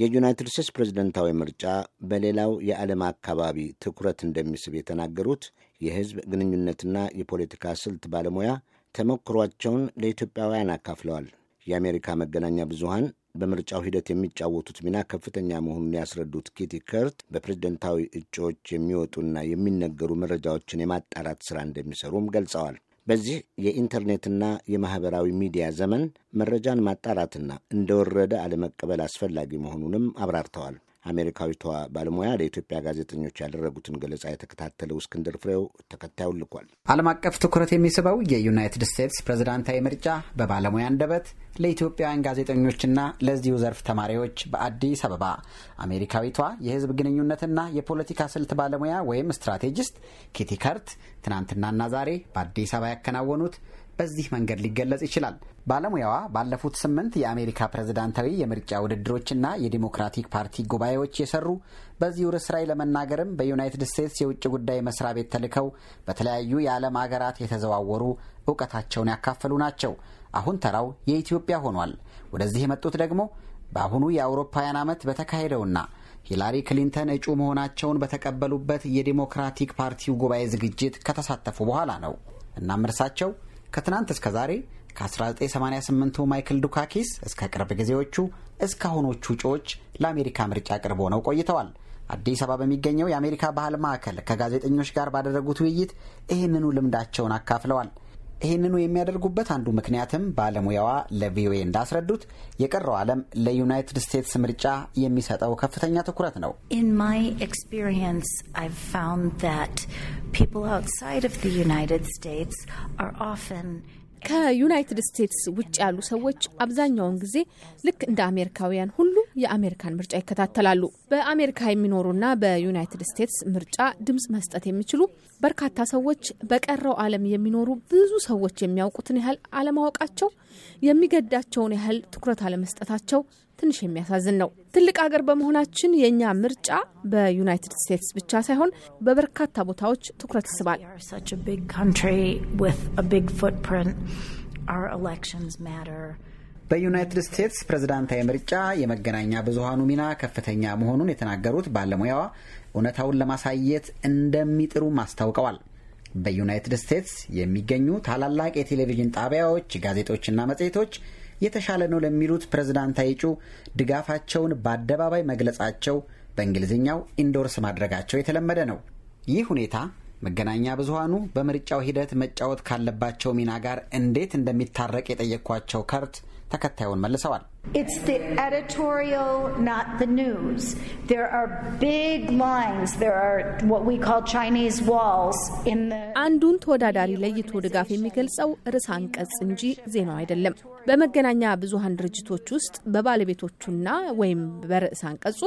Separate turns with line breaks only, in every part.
የዩናይትድ ስቴትስ ፕሬዝደንታዊ ምርጫ በሌላው የዓለም አካባቢ ትኩረት እንደሚስብ የተናገሩት የሕዝብ ግንኙነትና የፖለቲካ ስልት ባለሙያ ተሞክሯቸውን ለኢትዮጵያውያን አካፍለዋል። የአሜሪካ መገናኛ ብዙሃን በምርጫው ሂደት የሚጫወቱት ሚና ከፍተኛ መሆኑን ያስረዱት ኬቲ ከርት በፕሬዝደንታዊ እጩዎች የሚወጡና የሚነገሩ መረጃዎችን የማጣራት ሥራ እንደሚሰሩም ገልጸዋል። በዚህ የኢንተርኔትና የማኅበራዊ ሚዲያ ዘመን መረጃን ማጣራትና እንደወረደ አለመቀበል አስፈላጊ መሆኑንም አብራርተዋል። አሜሪካዊቷ ባለሙያ ለኢትዮጵያ ጋዜጠኞች ያደረጉትን ገለጻ የተከታተለው እስክንድር ፍሬው ተከታዩን ልኳል። ዓለም አቀፍ ትኩረት የሚስበው የዩናይትድ ስቴትስ ፕሬዝዳንታዊ ምርጫ በባለሙያ አንደበት ለኢትዮጵያውያን ጋዜጠኞችና ለዚሁ ዘርፍ ተማሪዎች በአዲስ አበባ አሜሪካዊቷ የሕዝብ ግንኙነትና የፖለቲካ ስልት ባለሙያ ወይም ስትራቴጂስት ኪቲ ከርት ትናንትናና ዛሬ በአዲስ አበባ ያከናወኑት በዚህ መንገድ ሊገለጽ ይችላል። ባለሙያዋ ባለፉት ስምንት የአሜሪካ ፕሬዝዳንታዊ የምርጫ ውድድሮችና የዲሞክራቲክ ፓርቲ ጉባኤዎች የሰሩ በዚህ ርዕስ ላይ ለመናገርም በዩናይትድ ስቴትስ የውጭ ጉዳይ መስሪያ ቤት ተልከው በተለያዩ የዓለም ሀገራት የተዘዋወሩ እውቀታቸውን ያካፈሉ ናቸው። አሁን ተራው የኢትዮጵያ ሆኗል። ወደዚህ የመጡት ደግሞ በአሁኑ የአውሮፓውያን ዓመት በተካሄደውና ሂላሪ ክሊንተን እጩ መሆናቸውን በተቀበሉበት የዲሞክራቲክ ፓርቲው ጉባኤ ዝግጅት ከተሳተፉ በኋላ ነው። እናም እርሳቸው ከትናንት እስከ ዛሬ ከ 1988 ማይክል ዱካኪስ እስከ ቅርብ ጊዜዎቹ እስካሁኖቹ እጩዎች ለአሜሪካ ምርጫ ቅርብ ሆነው ቆይተዋል። አዲስ አበባ በሚገኘው የአሜሪካ ባህል ማዕከል ከጋዜጠኞች ጋር ባደረጉት ውይይት ይህንኑ ልምዳቸውን አካፍለዋል። ይህንኑ የሚያደርጉበት አንዱ ምክንያትም ባለሙያዋ ለቪኦኤ እንዳስረዱት የቀረው ዓለም ለዩናይትድ ስቴትስ ምርጫ የሚሰጠው ከፍተኛ ትኩረት ነው።
ከዩናይትድ ስቴትስ ውጭ ያሉ ሰዎች አብዛኛውን ጊዜ ልክ እንደ አሜሪካውያን ሁሉ የአሜሪካን ምርጫ ይከታተላሉ። በአሜሪካ የሚኖሩና በዩናይትድ ስቴትስ ምርጫ ድምፅ መስጠት የሚችሉ በርካታ ሰዎች በቀረው ዓለም የሚኖሩ ብዙ ሰዎች የሚያውቁትን ያህል አለማወቃቸው፣ የሚገዳቸውን ያህል ትኩረት አለመስጠታቸው ትንሽ የሚያሳዝን ነው። ትልቅ ሀገር በመሆናችን የእኛ ምርጫ በዩናይትድ ስቴትስ ብቻ ሳይሆን በበርካታ ቦታዎች ትኩረት ስባል።
በዩናይትድ ስቴትስ ፕሬዝዳንታዊ ምርጫ የመገናኛ ብዙሃኑ ሚና ከፍተኛ መሆኑን የተናገሩት ባለሙያዋ እውነታውን ለማሳየት እንደሚጥሩም አስታውቀዋል። በዩናይትድ ስቴትስ የሚገኙ ታላላቅ የቴሌቪዥን ጣቢያዎች፣ ጋዜጦችና መጽሔቶች የተሻለ ነው ለሚሉት ፕሬዝዳንታዊ እጩ ድጋፋቸውን በአደባባይ መግለጻቸው በእንግሊዝኛው ኢንዶርስ ማድረጋቸው የተለመደ ነው። ይህ ሁኔታ መገናኛ ብዙሃኑ በምርጫው ሂደት መጫወት ካለባቸው ሚና ጋር እንዴት እንደሚታረቅ የጠየቅኳቸው ከርት ተከታዩን መልሰዋል።
አንዱን ተወዳዳሪ ለይቶ ድጋፍ የሚገልጸው ርዕሰ አንቀጽ እንጂ ዜናው አይደለም። በመገናኛ ብዙሀን ድርጅቶች ውስጥ በባለቤቶቹና ወይም በርዕስ አንቀጹ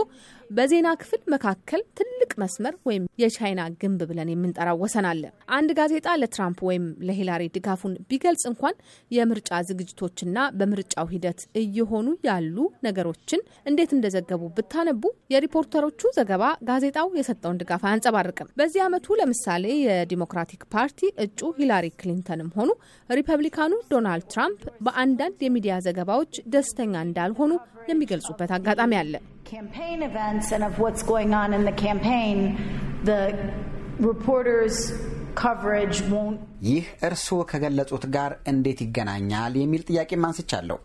በዜና ክፍል መካከል ትልቅ መስመር ወይም የቻይና ግንብ ብለን የምንጠራው ወሰን አለ። አንድ ጋዜጣ ለትራምፕ ወይም ለሂላሪ ድጋፉን ቢገልጽ እንኳን የምርጫ ዝግጅቶችና በምርጫው ሂደት እየሆኑ ያሉ ነገሮችን እንዴት እንደዘገቡ ብታነቡ የሪፖርተሮቹ ዘገባ ጋዜጣው የሰጠውን ድጋፍ አያንጸባርቅም። በዚህ ዓመቱ ለምሳሌ የዲሞክራቲክ ፓርቲ እጩ ሂላሪ ክሊንተንም ሆኑ ሪፐብሊካኑ ዶናልድ ትራምፕ በአንዳ አንዳንድ የሚዲያ ዘገባዎች ደስተኛ እንዳልሆኑ የሚገልጹበት አጋጣሚ አለ።
ይህ እርስዎ ከገለጹት ጋር እንዴት ይገናኛል የሚል ጥያቄ ማንስቻለሁ።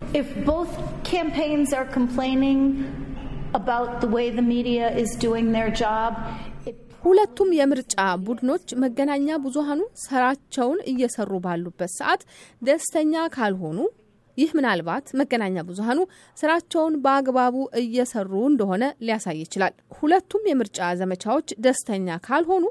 ሁለቱም የምርጫ ቡድኖች መገናኛ ብዙሃኑ ስራቸውን እየሰሩ ባሉበት ሰዓት ደስተኛ ካልሆኑ ይህ ምናልባት መገናኛ ብዙሀኑ ስራቸውን በአግባቡ እየሰሩ እንደሆነ ሊያሳይ ይችላል። ሁለቱም የምርጫ ዘመቻዎች ደስተኛ ካልሆኑ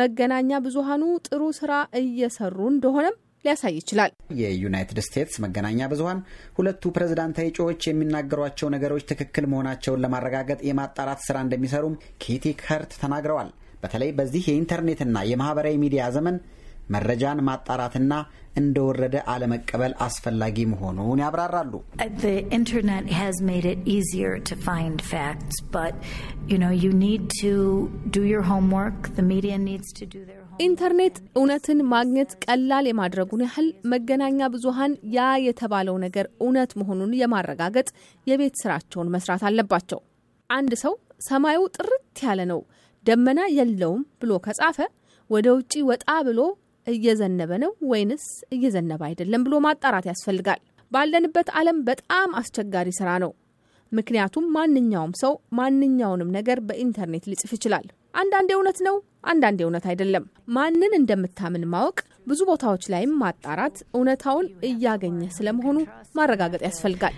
መገናኛ ብዙሀኑ ጥሩ ስራ እየሰሩ እንደሆነም ሊያሳይ ይችላል።
የዩናይትድ ስቴትስ መገናኛ ብዙሀን ሁለቱ ፕሬዝዳንታዊ እጩዎች የሚናገሯቸው ነገሮች ትክክል መሆናቸውን ለማረጋገጥ የማጣራት ስራ እንደሚሰሩም ኬቲ ከርት ተናግረዋል። በተለይ በዚህ የኢንተርኔትና የማህበራዊ ሚዲያ ዘመን መረጃን ማጣራትና እንደወረደ አለመቀበል አስፈላጊ መሆኑን ያብራራሉ።
ኢንተርኔት እውነትን ማግኘት ቀላል የማድረጉን ያህል መገናኛ ብዙሃን ያ የተባለው ነገር እውነት መሆኑን የማረጋገጥ የቤት ስራቸውን መስራት አለባቸው። አንድ ሰው ሰማዩ ጥርት ያለ ነው፣ ደመና የለውም ብሎ ከጻፈ ወደ ውጪ ወጣ ብሎ እየዘነበ ነው ወይንስ እየዘነበ አይደለም ብሎ ማጣራት ያስፈልጋል። ባለንበት ዓለም በጣም አስቸጋሪ ስራ ነው። ምክንያቱም ማንኛውም ሰው ማንኛውንም ነገር በኢንተርኔት ሊጽፍ ይችላል። አንዳንዴ እውነት ነው፣ አንዳንዴ እውነት አይደለም። ማንን እንደምታምን ማወቅ፣ ብዙ ቦታዎች ላይም ማጣራት፣ እውነታውን እያገኘ ስለመሆኑ ማረጋገጥ ያስፈልጋል።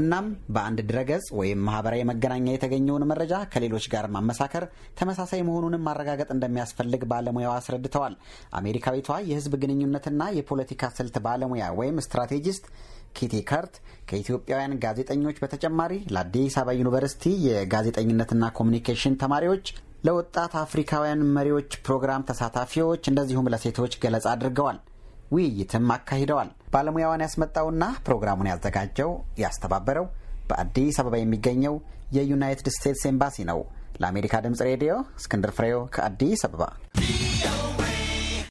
እናም በአንድ ድረገጽ ወይም ማህበራዊ መገናኛ የተገኘውን መረጃ ከሌሎች ጋር ማመሳከር ተመሳሳይ መሆኑንም ማረጋገጥ እንደሚያስፈልግ ባለሙያው አስረድተዋል። አሜሪካዊቷ የህዝብ ግንኙነትና የፖለቲካ ስልት ባለሙያ ወይም ስትራቴጂስት ኪቲ ከርት ከኢትዮጵያውያን ጋዜጠኞች በተጨማሪ ለአዲስ አበባ ዩኒቨርሲቲ የጋዜጠኝነትና ኮሚኒኬሽን ተማሪዎች ለወጣት አፍሪካውያን መሪዎች ፕሮግራም ተሳታፊዎች እንደዚሁም ለሴቶች ገለጻ አድርገዋል። ውይይትም አካሂደዋል። ባለሙያዋን ያስመጣውና ፕሮግራሙን ያዘጋጀው ያስተባበረው በአዲስ አበባ የሚገኘው የዩናይትድ ስቴትስ ኤምባሲ ነው። ለአሜሪካ ድምፅ ሬዲዮ እስክንድር ፍሬው ከአዲስ አበባ